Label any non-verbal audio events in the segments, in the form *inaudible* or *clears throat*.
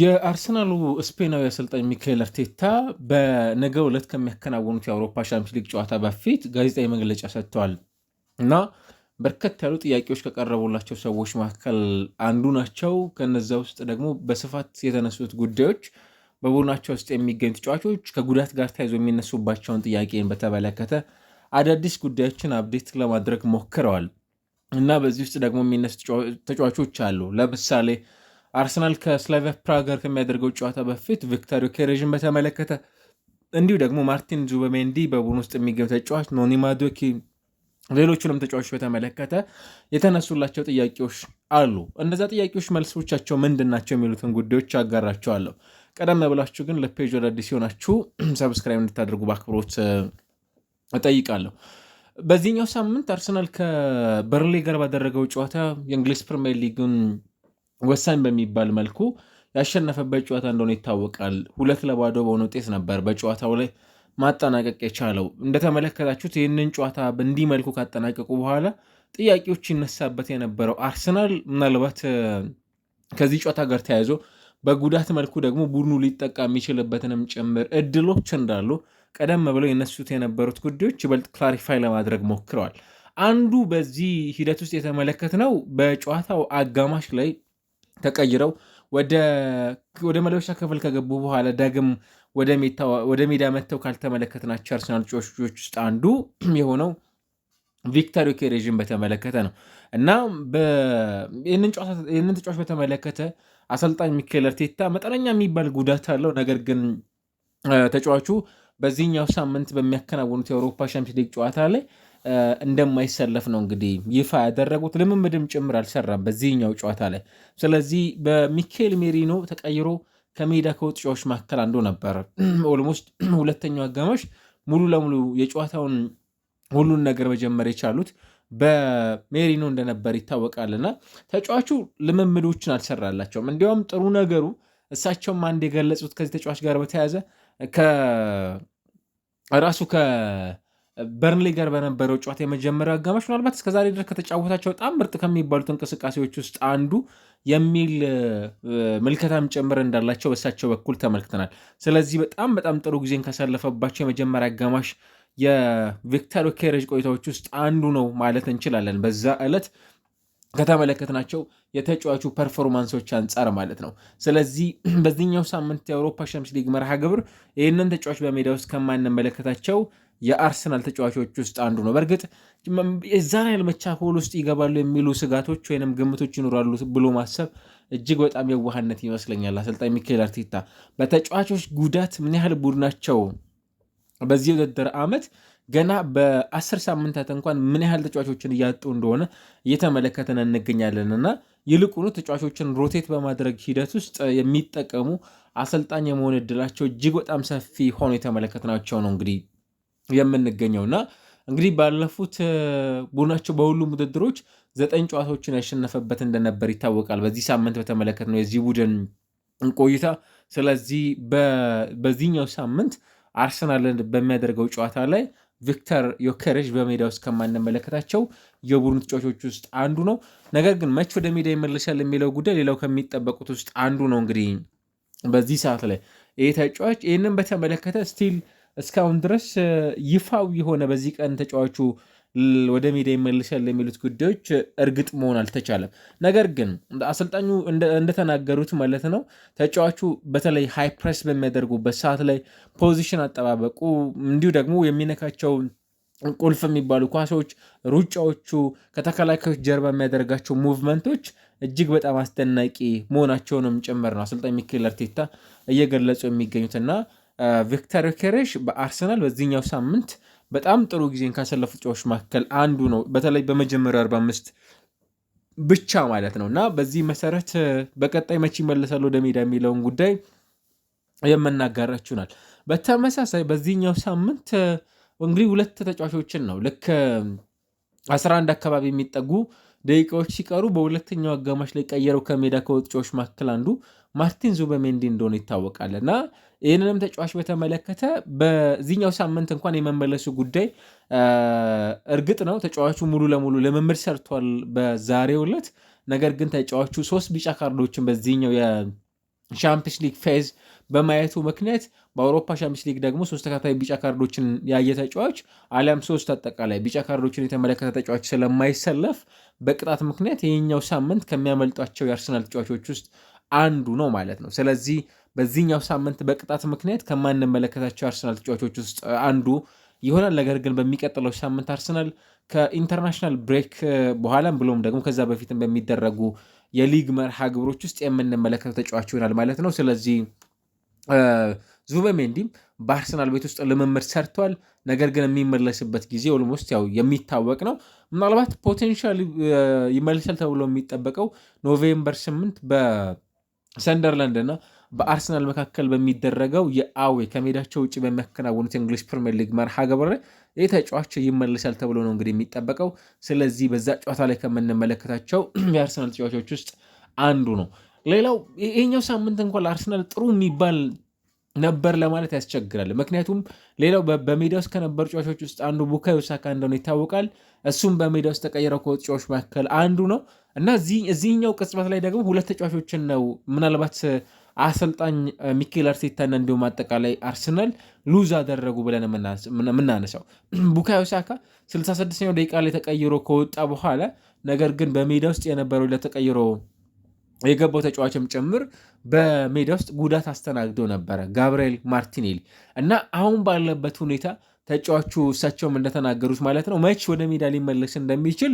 የአርሰናሉ ስፔናዊ አሰልጣኝ ሚካኤል አርቴታ በነገው ዕለት ከሚያከናወኑት የአውሮፓ ሻምፒዮንስ ሊግ ጨዋታ በፊት ጋዜጣዊ መግለጫ ሰጥተዋል እና በርከት ያሉ ጥያቄዎች ከቀረቡላቸው ሰዎች መካከል አንዱ ናቸው። ከነዚ ውስጥ ደግሞ በስፋት የተነሱት ጉዳዮች በቡድናቸው ውስጥ የሚገኙ ተጫዋቾች ከጉዳት ጋር ተያይዞ የሚነሱባቸውን ጥያቄን በተመለከተ አዳዲስ ጉዳዮችን አብዴት ለማድረግ ሞክረዋል እና በዚህ ውስጥ ደግሞ የሚነሱ ተጫዋቾች አሉ ለምሳሌ አርሰናል ከስላቪያ ፕራግ ጋር ከሚያደርገው ጨዋታ በፊት ቪክተር ዮኬሬዥን በተመለከተ እንዲሁ ደግሞ ማርቲን ዙበሜንዲ በቡድን ውስጥ የሚገኝ ተጫዋች ኖኒ ማዱዌኬ፣ ሌሎቹንም ተጫዋቾች በተመለከተ የተነሱላቸው ጥያቄዎች አሉ። እነዚያ ጥያቄዎች መልሶቻቸው ምንድን ናቸው የሚሉትን ጉዳዮች አጋራቸዋለሁ። ቀደም ብላችሁ ግን ለፔጅ አዳዲስ ሲሆናችሁ *clears throat* ሰብስክራይብ እንድታደርጉ በአክብሮት እጠይቃለሁ። በዚህኛው ሳምንት አርሰናል ከበርሊ ጋር ባደረገው ጨዋታ የእንግሊዝ ፕሪሚየር ሊግን ወሳኝ በሚባል መልኩ ያሸነፈበት ጨዋታ እንደሆነ ይታወቃል። ሁለት ለባዶ በሆነ ውጤት ነበር በጨዋታው ላይ ማጠናቀቅ የቻለው። እንደተመለከታችሁት ይህንን ጨዋታ በእንዲህ መልኩ ካጠናቀቁ በኋላ ጥያቄዎች ይነሳበት የነበረው አርሰናል ምናልባት ከዚህ ጨዋታ ጋር ተያይዞ በጉዳት መልኩ ደግሞ ቡድኑ ሊጠቃ የሚችልበትንም ጭምር እድሎች እንዳሉ ቀደም ብለው የነሱት የነበሩት ጉዳዮች ይበልጥ ክላሪፋይ ለማድረግ ሞክረዋል። አንዱ በዚህ ሂደት ውስጥ ነው በጨዋታው አጋማሽ ላይ ተቀይረው ወደ መለበሻ ክፍል ከገቡ በኋላ ዳግም ወደ ሜዳ መጥተው ካልተመለከትናቸው አርሰናል ተጫዋቾች ውስጥ አንዱ *clears throat* የሆነው ቪክተር ዮኬሬዥን በተመለከተ ነው እና ይህንን ተጫዋች በተመለከተ አሰልጣኝ ሚኬል አርቴታ መጠነኛ የሚባል ጉዳት አለው፣ ነገር ግን ተጫዋቹ በዚህኛው ሳምንት በሚያከናውኑት የአውሮፓ ሻምፒዮንስ ሊግ ጨዋታ ላይ እንደማይሰለፍ ነው እንግዲህ ይፋ ያደረጉት። ልምምድም ጭምር አልሰራም በዚህኛው ጨዋታ ላይ። ስለዚህ በሚኬል ሜሪኖ ተቀይሮ ከሜዳ ከወጡ ጨዋቾች መካከል አንዱ ነበር። *clears throat* ኦልሞስት *clears throat* ሁለተኛው አጋማሽ ሙሉ ለሙሉ የጨዋታውን ሁሉን ነገር መጀመር የቻሉት በሜሪኖ እንደነበር ይታወቃልና ተጫዋቹ ልምምዶችን አልሰራላቸውም። እንዲያውም ጥሩ ነገሩ እሳቸውም አንድ የገለጹት ከዚህ ተጫዋች ጋር በተያያዘ ከራሱ በርንሌ ጋር በነበረው ጨዋታ የመጀመሪያው አጋማሽ ምናልባት እስከዛሬ ድረስ ከተጫወታቸው በጣም ምርጥ ከሚባሉት እንቅስቃሴዎች ውስጥ አንዱ የሚል ምልከታም ጭምር እንዳላቸው በእሳቸው በኩል ተመልክተናል። ስለዚህ በጣም በጣም ጥሩ ጊዜን ካሳለፈባቸው የመጀመሪያ አጋማሽ የቪክተር ኬረጅ ቆይታዎች ውስጥ አንዱ ነው ማለት እንችላለን። በዛ ዕለት ከተመለከትናቸው የተጫዋቹ ፐርፎርማንሶች አንጻር ማለት ነው። ስለዚህ በዚህኛው ሳምንት የአውሮፓ ሻምፒዮንስ ሊግ መርሃ ግብር ይህንን ተጫዋች በሜዳ ውስጥ ከማንመለከታቸው የአርሰናል ተጫዋቾች ውስጥ አንዱ ነው። በእርግጥ የዛን ያህል መቻኮል ውስጥ ይገባሉ የሚሉ ስጋቶች ወይም ግምቶች ይኖራሉ ብሎ ማሰብ እጅግ በጣም የዋህነት ይመስለኛል። አሰልጣኝ ሚካኤል አርቴታ በተጫዋቾች ጉዳት ምን ያህል ቡድናቸው በዚህ ውድድር ዓመት ገና በአስር ሳምንታት እንኳን ምን ያህል ተጫዋቾችን እያጡ እንደሆነ እየተመለከተን እንገኛለን እና ይልቁኑ ተጫዋቾችን ሮቴት በማድረግ ሂደት ውስጥ የሚጠቀሙ አሰልጣኝ የመሆን እድላቸው እጅግ በጣም ሰፊ ሆኖ የተመለከትናቸው ነው እንግዲህ የምንገኘውና እንግዲህ ባለፉት ቡናቸው በሁሉም ውድድሮች ዘጠኝ ጨዋታዎችን ያሸነፈበት እንደነበር ይታወቃል። በዚህ ሳምንት በተመለከት ነው የዚህ ቡድን ቆይታ። ስለዚህ በዚህኛው ሳምንት አርሰናልን በሚያደርገው ጨዋታ ላይ ቪክተር ዮከሬዥ በሜዳ ውስጥ ከማንመለከታቸው የቡድኑ ተጫዋቾች ውስጥ አንዱ ነው። ነገር ግን መች ወደ ሜዳ ይመለሳል የሚለው ጉዳይ ሌላው ከሚጠበቁት ውስጥ አንዱ ነው። እንግዲህ በዚህ ሰዓት ላይ ይህ ተጫዋች ይህንን በተመለከተ ስቲል እስካሁን ድረስ ይፋው የሆነ በዚህ ቀን ተጫዋቹ ወደ ሜዳ ይመልሻል የሚሉት ጉዳዮች እርግጥ መሆን አልተቻለም። ነገር ግን አሰልጣኙ እንደተናገሩት ማለት ነው ተጫዋቹ በተለይ ሃይ ፕሬስ በሚያደርጉበት ሰዓት ላይ ፖዚሽን አጠባበቁ፣ እንዲሁ ደግሞ የሚነካቸው ቁልፍ የሚባሉ ኳሶች፣ ሩጫዎቹ፣ ከተከላካዮች ጀርባ የሚያደርጋቸው ሙቭመንቶች እጅግ በጣም አስደናቂ መሆናቸውንም ጭምር ነው አሰልጣኝ ሚኬል አርቴታ እየገለጹ የሚገኙትና ቪክተር ኬሬሽ በአርሰናል በዚህኛው ሳምንት በጣም ጥሩ ጊዜን ካሰለፉ ጨዋቾች መካከል አንዱ ነው። በተለይ በመጀመሪያው 45 ብቻ ማለት ነው እና በዚህ መሰረት በቀጣይ መቼ ይመለሳል ወደ ሜዳ የሚለውን ጉዳይ የምናጋራችሁናል። በተመሳሳይ በዚህኛው ሳምንት እንግዲህ ሁለት ተጫዋቾችን ነው ልክ 11 አካባቢ የሚጠጉ ደቂቃዎች ሲቀሩ በሁለተኛው አጋማሽ ላይ ቀየረው ከሜዳ ከወጡ ጨዋቾች መካከል አንዱ ማርቲን ዙበሜንዲ እንደሆነ ይታወቃል እና ይህንንም ተጫዋች በተመለከተ በዚህኛው ሳምንት እንኳን የመመለሱ ጉዳይ እርግጥ ነው ተጫዋቹ ሙሉ ለሙሉ ልምምድ ሰርቷል በዛሬው ዕለት። ነገር ግን ተጫዋቹ ሶስት ቢጫ ካርዶችን በዚህኛው የሻምፒዮንስ ሊግ ፌዝ በማየቱ ምክንያት በአውሮፓ ሻምፒዮንስ ሊግ ደግሞ ሶስት ተከታታይ ቢጫ ካርዶችን ያየ ተጫዋች አሊያም ሶስት አጠቃላይ ቢጫ ካርዶችን የተመለከተ ተጫዋች ስለማይሰለፍ በቅጣት ምክንያት ይህኛው ሳምንት ከሚያመልጧቸው የአርሰናል ተጫዋቾች ውስጥ አንዱ ነው ማለት ነው። ስለዚህ በዚህኛው ሳምንት በቅጣት ምክንያት ከማንመለከታቸው አርሰናል ተጫዋቾች ውስጥ አንዱ ይሆናል። ነገር ግን በሚቀጥለው ሳምንት አርሰናል ከኢንተርናሽናል ብሬክ በኋላም ብሎም ደግሞ ከዛ በፊትም በሚደረጉ የሊግ መርሃ ግብሮች ውስጥ የምንመለከተው ተጫዋች ይሆናል ማለት ነው። ስለዚህ ዙበሜንዲም በአርሰናል ቤት ውስጥ ልምምድ ሰርቷል። ነገር ግን የሚመለስበት ጊዜ ኦልሞስት ያው የሚታወቅ ነው። ምናልባት ፖቴንሻል ይመልሳል ተብሎ የሚጠበቀው ኖቬምበር ስምንት በሰንደርላንድ እና በአርሰናል መካከል በሚደረገው የአዌ ከሜዳቸው ውጭ በሚያከናውኑት የእንግሊዝ ፕሪምየር ሊግ መርሃ ግብር ይህ ተጫዋች ይመለሳል ተብሎ ነው እንግዲህ የሚጠበቀው። ስለዚህ በዛ ጨዋታ ላይ ከምንመለከታቸው *clears throat* የአርሰናል ተጫዋቾች ውስጥ አንዱ ነው። ሌላው ይሄኛው ሳምንት እንኳን ለአርሰናል ጥሩ የሚባል ነበር ለማለት ያስቸግራል። ምክንያቱም ሌላው በሜዳ ውስጥ ከነበሩ ተጫዋቾች ውስጥ አንዱ ቡካዮ ሳካ እንደሆነ ይታወቃል። እሱም በሜዳ ውስጥ ተቀይረው ከወጡ ተጫዋቾች መካከል አንዱ ነው እና እዚህኛው ቅጽበት ላይ ደግሞ ሁለት ተጫዋቾችን ነው ምናልባት አሰልጣኝ ሚኬል አርቴታና እንዲሁም አጠቃላይ አርሰናል ሉዝ አደረጉ ብለን የምናነሳው *clears throat* ቡካዮ ሳካ 66ኛው ደቂቃ ላይ ተቀይሮ ከወጣ በኋላ ነገር ግን በሜዳ ውስጥ የነበረው ለተቀይሮ የገባው ተጫዋችም ጭምር በሜዳ ውስጥ ጉዳት አስተናግዶ ነበረ፣ ጋብርኤል ማርቲኔሊ እና አሁን ባለበት ሁኔታ ተጫዋቹ እሳቸውም እንደተናገሩት ማለት ነው መች ወደ ሜዳ ሊመለስ እንደሚችል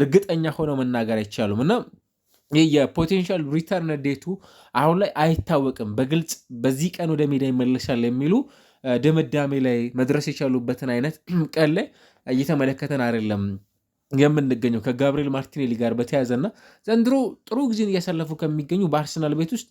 እርግጠኛ ሆነው መናገር አይቻሉም እና ይህ የፖቴንሻል ሪተርን ዴቱ አሁን ላይ አይታወቅም። በግልጽ በዚህ ቀን ወደ ሜዳ ይመለሻል የሚሉ ድምዳሜ ላይ መድረስ የቻሉበትን አይነት *clears throat* ቀን ላይ እየተመለከተን አይደለም። የምንገኘው ከጋብርኤል ማርቲኔሊ ጋር በተያዘና ዘንድሮ ጥሩ ጊዜን እያሳለፉ ከሚገኙ በአርሰናል ቤት ውስጥ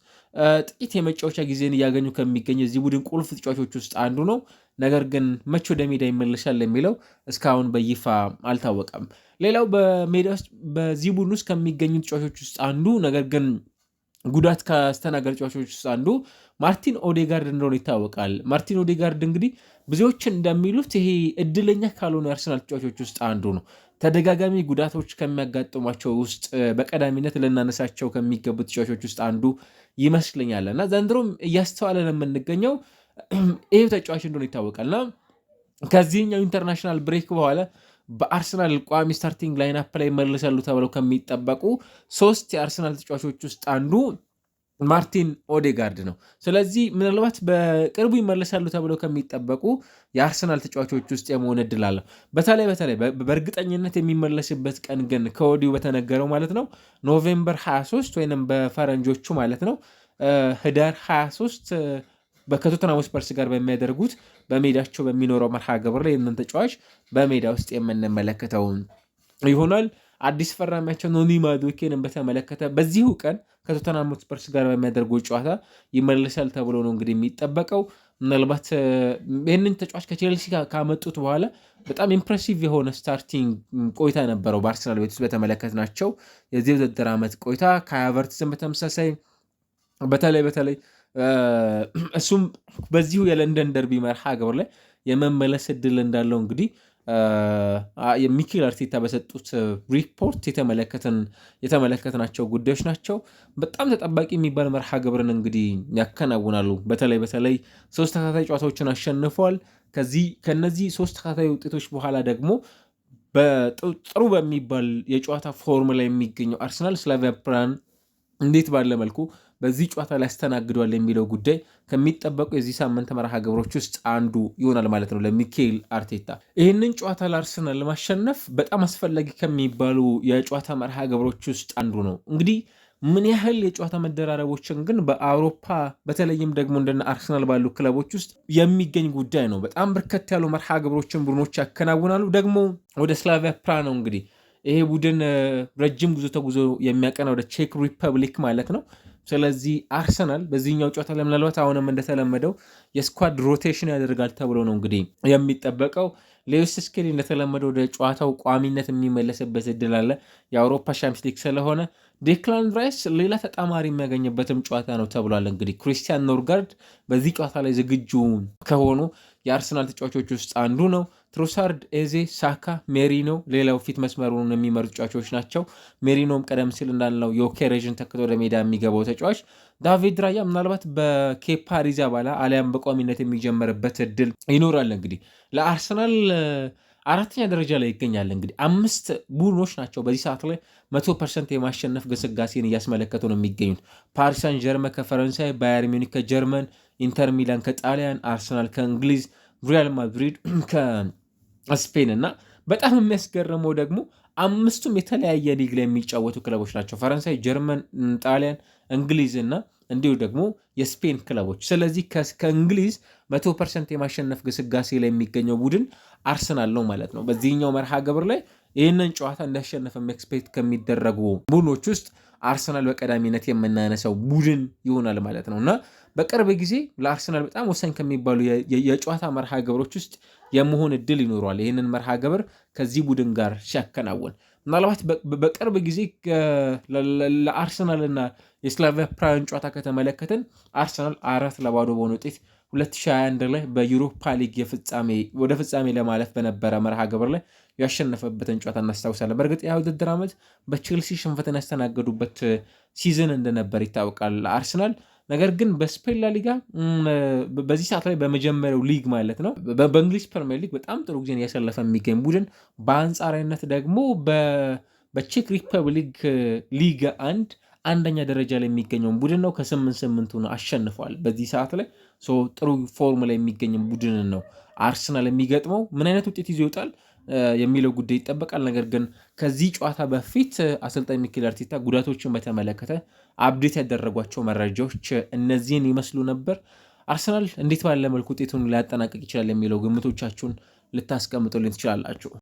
ጥቂት የመጫወቻ ጊዜን እያገኙ ከሚገኝ እዚህ ቡድን ቁልፍ ተጫዋቾች ውስጥ አንዱ ነው። ነገር ግን መቼ ወደ ሜዳ ይመለሳል የሚለው እስካሁን በይፋ አልታወቀም። ሌላው በሜዳ ውስጥ በዚህ ቡድን ውስጥ ከሚገኙ ተጫዋቾች ውስጥ አንዱ ነገር ግን ጉዳት ካስተናገዱ ተጫዋቾች ውስጥ አንዱ ማርቲን ኦዴጋርድ እንደሆነ ይታወቃል። ማርቲን ኦዴጋርድ እንግዲህ ብዙዎች እንደሚሉት ይሄ እድለኛ ካልሆኑ የአርሰናል ተጫዋቾች ውስጥ አንዱ ነው። ተደጋጋሚ ጉዳቶች ከሚያጋጥሟቸው ውስጥ በቀዳሚነት ልናነሳቸው ከሚገቡ ተጫዋቾች ውስጥ አንዱ ይመስለኛል እና ዘንድሮም ነው የምንገኘው *clears throat* ይህ ተጫዋች እንደሆነ ይታወቃል እና ከዚህኛው ኢንተርናሽናል ብሬክ በኋላ በአርሰናል ቋሚ ስታርቲንግ ላይናፕ ላይ መልሳሉ ተብለው ከሚጠበቁ ሶስት የአርሰናል ተጫዋቾች ውስጥ አንዱ ማርቲን ኦዴጋርድ ነው። ስለዚህ ምናልባት በቅርቡ ይመለሳሉ ተብለው ከሚጠበቁ የአርሰናል ተጫዋቾች ውስጥ የመሆን እድል አለው። በተለይ በተለይ በእርግጠኝነት የሚመለስበት ቀን ግን ከወዲሁ በተነገረው ማለት ነው ኖቬምበር 23 ወይም በፈረንጆቹ ማለት ነው ህዳር 23 ከቶተንሃም ስፐርስ ጋር በሚያደርጉት በሜዳቸው በሚኖረው መርሃ ግብር ላይ ይህንን ተጫዋች በሜዳ ውስጥ የምንመለከተው ይሆናል። አዲስ ፈራሚያቸው ኖኒ ማዱኬን በተመለከተ በዚሁ ቀን ከቶተንሃም ስፐርስ ጋር በሚያደርገው ጨዋታ ይመለሳል ተብሎ ነው እንግዲህ የሚጠበቀው። ምናልባት ይህንን ተጫዋች ከቼልሲ ካመጡት በኋላ በጣም ኢምፕሬሲቭ የሆነ ስታርቲንግ ቆይታ ነበረው በአርሰናል ቤት ውስጥ በተመለከት ናቸው የዚህ ውድድር ዓመት ቆይታ ከሀያቨርትስን በተመሳሳይ በተለይ በተለይ እሱም በዚሁ የለንደን ደርቢ መርሃ ግብር ላይ የመመለስ እድል እንዳለው እንግዲህ የሚኬል አርቴታ በሰጡት ሪፖርት የተመለከትናቸው ጉዳዮች ናቸው። በጣም ተጠባቂ የሚባል መርሃ ግብርን እንግዲህ ያከናውናሉ። በተለይ በተለይ ሶስት ተከታታይ ጨዋታዎችን አሸንፈዋል። ከዚህ ከነዚህ ሶስት ተከታታይ ውጤቶች በኋላ ደግሞ ጥሩ በሚባል የጨዋታ ፎርም ላይ የሚገኘው አርሰናል ስላቪያ ፕራን እንዴት ባለ መልኩ በዚህ ጨዋታ ላይ ያስተናግዷል የሚለው ጉዳይ ከሚጠበቁ የዚህ ሳምንት መርሃ ግብሮች ውስጥ አንዱ ይሆናል ማለት ነው ለሚካኤል አርቴታ። ይህንን ጨዋታ ለአርሰናል ለማሸነፍ በጣም አስፈላጊ ከሚባሉ የጨዋታ መርሃ ግብሮች ውስጥ አንዱ ነው። እንግዲህ ምን ያህል የጨዋታ መደራረቦችን ግን በአውሮፓ በተለይም ደግሞ እንደነ አርሰናል ባሉ ክለቦች ውስጥ የሚገኝ ጉዳይ ነው። በጣም በርከት ያሉ መርሃ ግብሮችን ቡድኖች ያከናውናሉ። ደግሞ ወደ ስላቪያ ፕራ ነው እንግዲህ ይሄ ቡድን ረጅም ጉዞ ተጉዞ የሚያቀና ወደ ቼክ ሪፐብሊክ ማለት ነው። ስለዚህ አርሰናል በዚህኛው ጨዋታ ለምናልባት አሁንም እንደተለመደው የስኳድ ሮቴሽን ያደርጋል ተብሎ ነው እንግዲህ የሚጠበቀው። ሌዊስ ስኬሊ እንደተለመደው ወደ ጨዋታው ቋሚነት የሚመለስበት እድል አለ። የአውሮፓ ሻምፒዮንስ ሊግ ስለሆነ ዴክላን ራይስ ሌላ ተጣማሪ የሚያገኝበትም ጨዋታ ነው ተብሏል። እንግዲህ ክሪስቲያን ኖርጋርድ በዚህ ጨዋታ ላይ ዝግጁ ከሆኑ የአርሰናል ተጫዋቾች ውስጥ አንዱ ነው። ትሮሳርድ፣ ኤዜ፣ ሳካ፣ ሜሪኖ ሌላው ፊት መስመሩን የሚመሩ ተጫዋቾች ናቸው። ሜሪኖም ቀደም ሲል እንዳልነው የኦኬሬዥን ተክቶ ወደ ሜዳ የሚገባው ተጫዋች ዳቪድ ራያ ምናልባት በኬፓ አሪዛባላ አሊያም በቋሚነት የሚጀመርበት እድል ይኖራል። እንግዲህ ለአርሰናል አራተኛ ደረጃ ላይ ይገኛል። እንግዲህ አምስት ቡድኖች ናቸው በዚህ ሰዓት ላይ መቶ ፐርሰንት የማሸነፍ ግስጋሴን እያስመለከቱ ነው የሚገኙት። ፓሪሳን ጀርመን ከፈረንሳይ፣ ባየር ሚኒክ ከጀርመን፣ ኢንተር ሚላን ከጣሊያን፣ አርሰናል ከእንግሊዝ ሪያል ማድሪድ *clears throat* ከስፔን እና በጣም የሚያስገርመው ደግሞ አምስቱም የተለያየ ሊግ ላይ የሚጫወቱ ክለቦች ናቸው። ፈረንሳይ፣ ጀርመን፣ ጣሊያን፣ እንግሊዝና እንዲሁ ደግሞ የስፔን ክለቦች። ስለዚህ ከእንግሊዝ መቶ ፐርሰንት የማሸነፍ ግስጋሴ ላይ የሚገኘው ቡድን አርሰናል ነው ማለት ነው። በዚህኛው መርሃ ግብር ላይ ይህንን ጨዋታ እንዳሸነፈ ኤክስፔክት ከሚደረጉ ቡድኖች ውስጥ አርሰናል በቀዳሚነት የምናነሳው ቡድን ይሆናል ማለት ነው እና በቅርብ ጊዜ ለአርሰናል በጣም ወሳኝ ከሚባሉ የጨዋታ መርሃ ግብሮች ውስጥ የመሆን እድል ይኖረዋል። ይህንን መርሃ ግብር ከዚህ ቡድን ጋር ሲያከናውን ምናልባት በቅርብ ጊዜ ለአርሰናልና የስላቪያ ፕራን ጨዋታ ከተመለከትን አርሰናል አራት ለባዶ በሆነ ውጤት 2021 ላይ በዩሮፓ ሊግ ወደ ፍጻሜ ለማለፍ በነበረ መርሃ ግብር ላይ ያሸነፈበትን ጨዋታ እናስታውሳለን። በእርግጥ ያ ውድድር ዓመት በቼልሲ ሽንፈትን ያስተናገዱበት ሲዝን እንደነበር ይታወቃል አርሰናል። ነገር ግን በስፔን ላሊጋ በዚህ ሰዓት ላይ በመጀመሪያው ሊግ ማለት ነው በእንግሊዝ ፕሪሚየር ሊግ በጣም ጥሩ ጊዜን እያሳለፈ የሚገኝ ቡድን በአንጻራዊነት ደግሞ በቼክ ሪፐብሊክ ሊግ አንድ አንደኛ ደረጃ ላይ የሚገኘውን ቡድን ነው ከስምንት ስምንቱን አሸንፏል። በዚህ ሰዓት ላይ ጥሩ ፎርም ላይ የሚገኝ ቡድንን ነው አርሰናል የሚገጥመው። ምን አይነት ውጤት ይዞ ይወጣል? የሚለው ጉዳይ ይጠበቃል። ነገር ግን ከዚህ ጨዋታ በፊት አሰልጣኝ ሚኬል አርቴታ ጉዳቶችን በተመለከተ አብዴት ያደረጓቸው መረጃዎች እነዚህን ይመስሉ ነበር። አርሰናል እንዴት ባለ መልኩ ውጤቱን ሊያጠናቀቅ ይችላል የሚለው ግምቶቻችሁን ልታስቀምጡልን ትችላላችሁ።